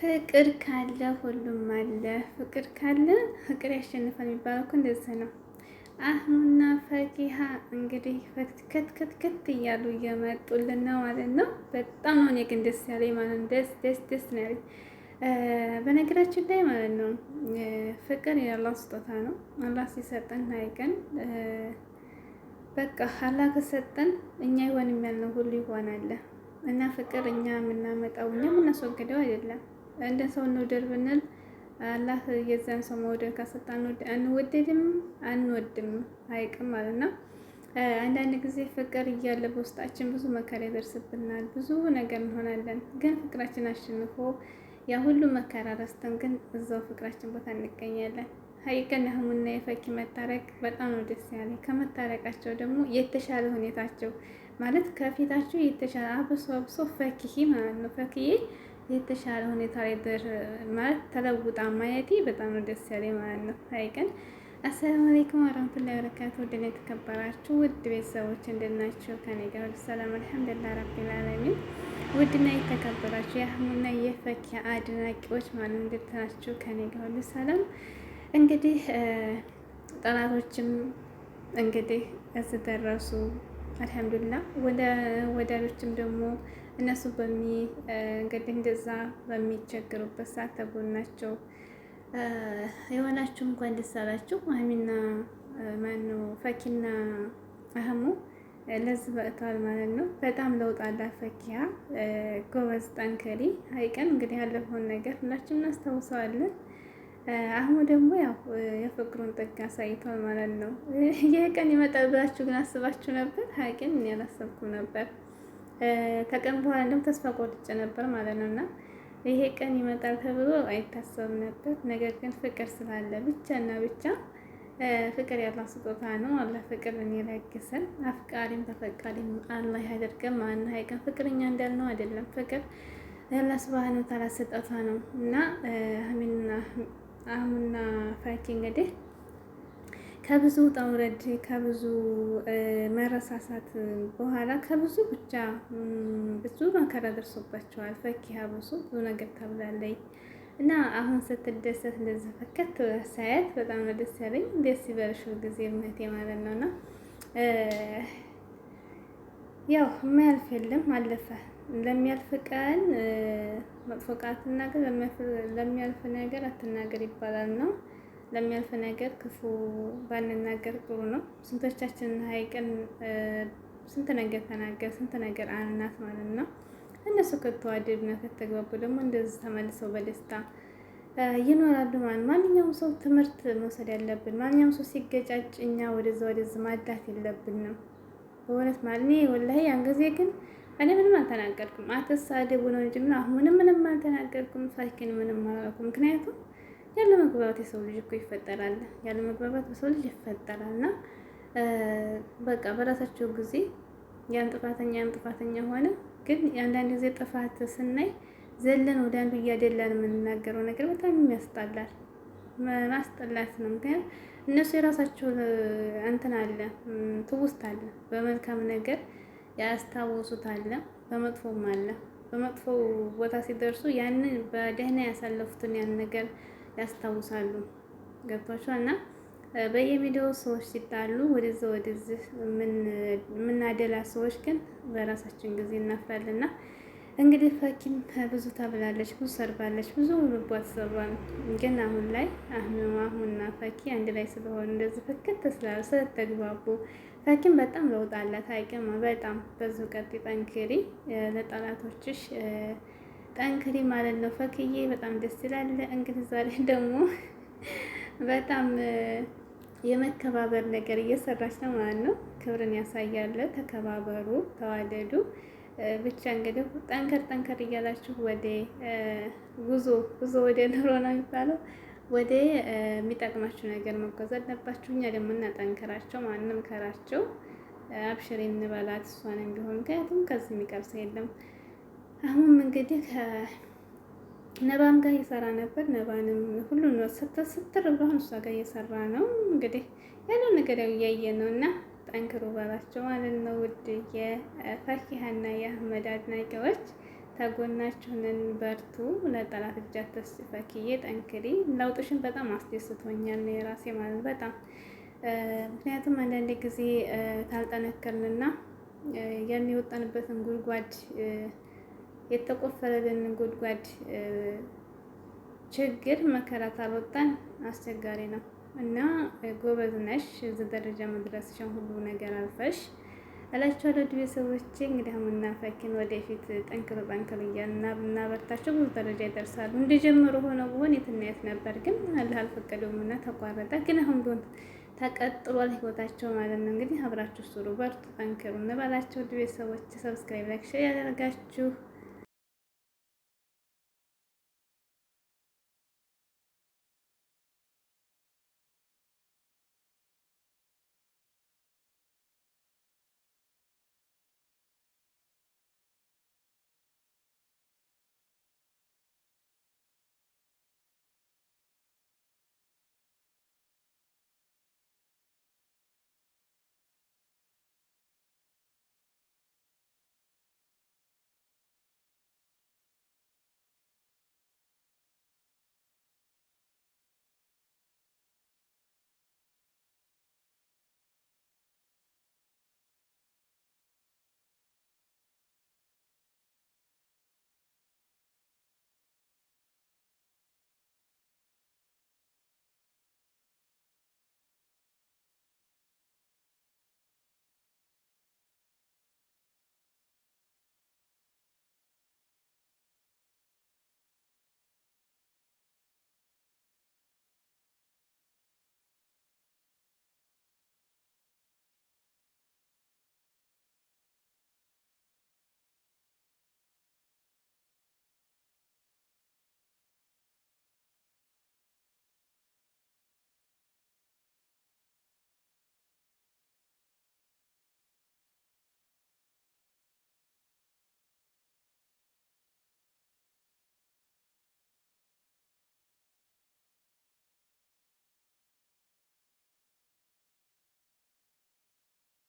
ፍቅር ካለ ሁሉም አለ። ፍቅር ካለ ፍቅር ያሸንፋል የሚባለው እኮ እንደዚህ ነው። አህሙና ፈኪሃ እንግዲህ ክትክትክት እያሉ እየመጡልን ነው ማለት ነው። በጣም ነው እኔ ግን ደስ ያለኝ ማለት ነው። ደስ ደስ ደስ ነው ያለኝ በነገራችን ላይ ማለት ነው። ፍቅር የአላህ ስጦታ ነው። አላህ ሲሰጠን አይቀን በቃ አላህ ከሰጠን እኛ ይሆን የሚያልነው ሁሉ ይሆናል እና ፍቅር እኛ የምናመጣው እኛ የምናስወግደው አይደለም። እንደ ሰው እንውደድ ብንል አላህ የዛን ሰው መውደድ ካሰጣ አንወደድም አንወድም አይቅም ማለት ነው። አንዳንድ ጊዜ ፍቅር እያለ በውስጣችን ብዙ መከራ ይደርስብናል፣ ብዙ ነገር እንሆናለን። ግን ፍቅራችን አሸንፎ ያ ሁሉ መከራ ረስተን ግን እዛው ፍቅራችን ቦታ እንገኛለን። ሀይቀን አህሙና የፈኪ መታረቅ በጣም ነው ደስ ያለ። ከመታረቃቸው ደግሞ የተሻለ ሁኔታቸው ማለት ከፊታቸው የተሻለ አብሶ አብሶ ፈኪሂ ማለት ነው የተሻለ ሁኔታ ላይ ማለት ተለውጣ ማየቴ በጣም ነው ደስ ያለ ማለት ነው። አይቀን አሰላሙ አለይኩም ወራህመቱላሂ ወበረካቱ ውድ የተከበራችሁ ውድ ቤተሰቦች እንደናችሁ? ከኔ ጋር ሁሉ ሰላም አልሐምዱሊላህ ረቢል ዓለሚን። ውድና የተከበራችሁ የአህሙና የፈኪያ አድናቂዎች ማለት እንደተናችሁ? ከኔ ጋር ሁሉ ሰላም። እንግዲህ ጠላቶችም እንግዲህ እዚህ ደረሱ። ወደ ወዳጆችም ደግሞ እነሱ በሚ እንግዲህ እንደዛ በሚቸገሩበት ሰዓት ተጎናቸው የሆናችሁ እንኳን ደስ አላችሁ። አሚና ፈኪና አህሙ ለዚህ በእቷል ማለት ነው። በጣም ለውጥ አላት ፈኪያ። ጎበዝ፣ ጠንከሪ። ሀይቀን እንግዲህ ያለፈውን ነገር ሁላችንም እናስታውሰዋለን። አሁን ደግሞ ያው የፍቅሩን ጥግ አሳይቷል ማለት ነው። ይህ ቀን ይመጣል ብላችሁ ግን አስባችሁ ነበር? ሀቂን እኔ አላሰብኩም ነበር። ከቀን በኋላ እንደውም ተስፋ ቆርጬ ነበር ማለት ነው እና ይሄ ቀን ይመጣል ተብሎ አይታሰብም ነበር። ነገር ግን ፍቅር ስላለ ብቻ እና ብቻ ፍቅር ያለው ስጦታ ነው። አላህ ፍቅር ይለግሰን፣ አፍቃሪም ተፈቃሪም አላህ ያደርገን። ማን ሀይቀን ፍቅርኛ እንዳልነው አይደለም። ፍቅር ያላ ሱብሃነሁ ወተዓላ ስጦታ ነው እና አሚንና አህሙና ፈኪ እንግዲህ ከብዙ ጠውረድ ከብዙ መረሳሳት በኋላ ከብዙ ብቻ ብዙ መከራ ደርሶባቸዋል። ፈኪ ሀብሱ ብዙ ነገር ተብላለይ እና አሁን ስትደሰት እንደዚህ ፈከት ሳያት በጣም ደስ ያለኝ። ደስ ይበልሽ ጊዜ እምነቴ ማለት ነው እና ያው የማያልፍ የለም አለፈ ለሚያልፍ ቀን መጥፎ ቃል አትናገር፣ ለሚያልፍ ነገር አትናገር ይባላል ነው። ለሚያልፍ ነገር ክፉ ባንናገር ጥሩ ነው። ስንቶቻችን ሀይቅን ስንት ነገር ተናገር፣ ስንት ነገር አንናት ማለት ነው። እነሱ ከተዋደዱና ከተግባቡ ደግሞ እንደዚህ ተመልሰው በደስታ ይኖራሉ ማለት ማንኛውም ሰው ትምህርት መውሰድ ያለብን ማንኛውም ሰው ሲገጫጭ እኛ ወደዛ ወደዚህ ማዳት የለብንም። በእውነት ማለት እኔ ወላሂ ያን ጊዜ ግን እኔ ምንም አልተናገርኩም። አትሳደቡ ነው እንጂ ምን አሁንም ምንም አልተናገርኩም። ሳኪን ምንም አላልኩም። ምክንያቱም ያለ መግባባት የሰው ልጅ እኮ ይፈጠራል። ያለ መግባባት በሰው ልጅ ይፈጠራል እና በቃ በራሳቸው ጊዜ ያን ጥፋተኛ ያን ጥፋተኛ ሆነ። ግን አንዳንድ ጊዜ ጥፋት ስናይ ዘለን ወደ አንዱ እያደላን የምንናገረው ነገር በጣም የሚያስጠላል። ማስጠላት ነው። ምክንያት እነሱ የራሳቸው እንትን አለ ትውስት አለ በመልካም ነገር ያስታወሱታል። በመጥፎም አለ። በመጥፎ ቦታ ሲደርሱ ያንን በደህና ያሳለፉትን ያን ነገር ያስታውሳሉ። ገብቷችኋል? እና በየቪዲዮው ሰዎች ሲጣሉ ወደዚህ ወደዚህ የምናደላ ሰዎች ግን በራሳችን ጊዜ እናፍራልና እንግዲህ ፈኪም ብዙ ታብላለች፣ ብዙ ሰርባለች፣ ብዙ ልቧት ሰብሯል። ግን አሁን ላይ አህሙ አህሙና ፈኪ አንድ ላይ ስለሆኑ እንደዚህ ፍክት ስለተግባቡ ሀኪም በጣም ለውጥ አላት። ሀቂማ በጣም በዙ ቀጥ ጠንክሪ፣ ለጠላቶችሽ ጠንክሪ ማለት ነው። ፈክዬ በጣም ደስ ይላል። እንግዲህ ዛሬ ደግሞ በጣም የመከባበር ነገር እየሰራች ነው ማለት ነው። ክብርን ያሳያለ። ተከባበሩ፣ ተዋደዱ። ብቻ እንግዲህ ጠንከር ጠንከር እያላችሁ ወደ ጉዞ ጉዞ ወደ ኑሮ ነው የሚባለው ወደ የሚጠቅማችሁ ነገር መጓዝ አለባችሁ። እኛ ደግሞ እናጠንክራቸው፣ ማንም ከራቸው አብሽር እንበላት እሷን እንዲሆን ምክንያቱም ከዚህ የሚቀርሰ የለም። አሁን እንግዲህ ከነባም ጋር እየሰራ ነበር። ነባንም ሁሉን ስትር ስትር ብሎን እሷ ጋር እየሰራ ነው። እንግዲህ ያለው ነገር ያው እያየ ነው እና ጠንክሩ በላቸው ማለት ነው። ውድ የፋኪሀና የአህመድ አድናቂዎች ነን፣ በርቱ፣ ለጠላት እጅ አትስፈክዬ ጠንክሪ። ለውጥሽን በጣም አስደስቶኛል ነው የራሴ ማለት በጣም ምክንያቱም አንዳንድ ጊዜ ታልጠነከርንና ያን የወጣንበትን ጉድጓድ የተቆፈረልን ጉድጓድ ችግር መከራ ታልወጣን አስቸጋሪ ነው እና ጎበዝ ነሽ እዚህ ደረጃ መድረስሽን ሁሉ ነገር አልፈሽ እላችኋለሁ። ድቤ ሰዎች እንግዲህ አሁንና ፈኪን ወደፊት ጠንክሮ ጠንክር እያልና ብናበርታቸው ብዙ ደረጃ ይደርሳሉ። እንደጀመሩ ሆነው ቢሆን የትናየት ነበር፣ ግን አላህ አልፈቀደውም እና ተቋረጠ። ግን አሁን ቢሆን ተቀጥሏል ህይወታቸው ማለት ነው። እንግዲህ አብራችሁ ስሩ፣ በርቱ፣ ጠንክሩ እንበላቸው። ድቤ ሰዎች ሰብስክራይብ፣ ላይክ፣ ሼር ያደረጋችሁ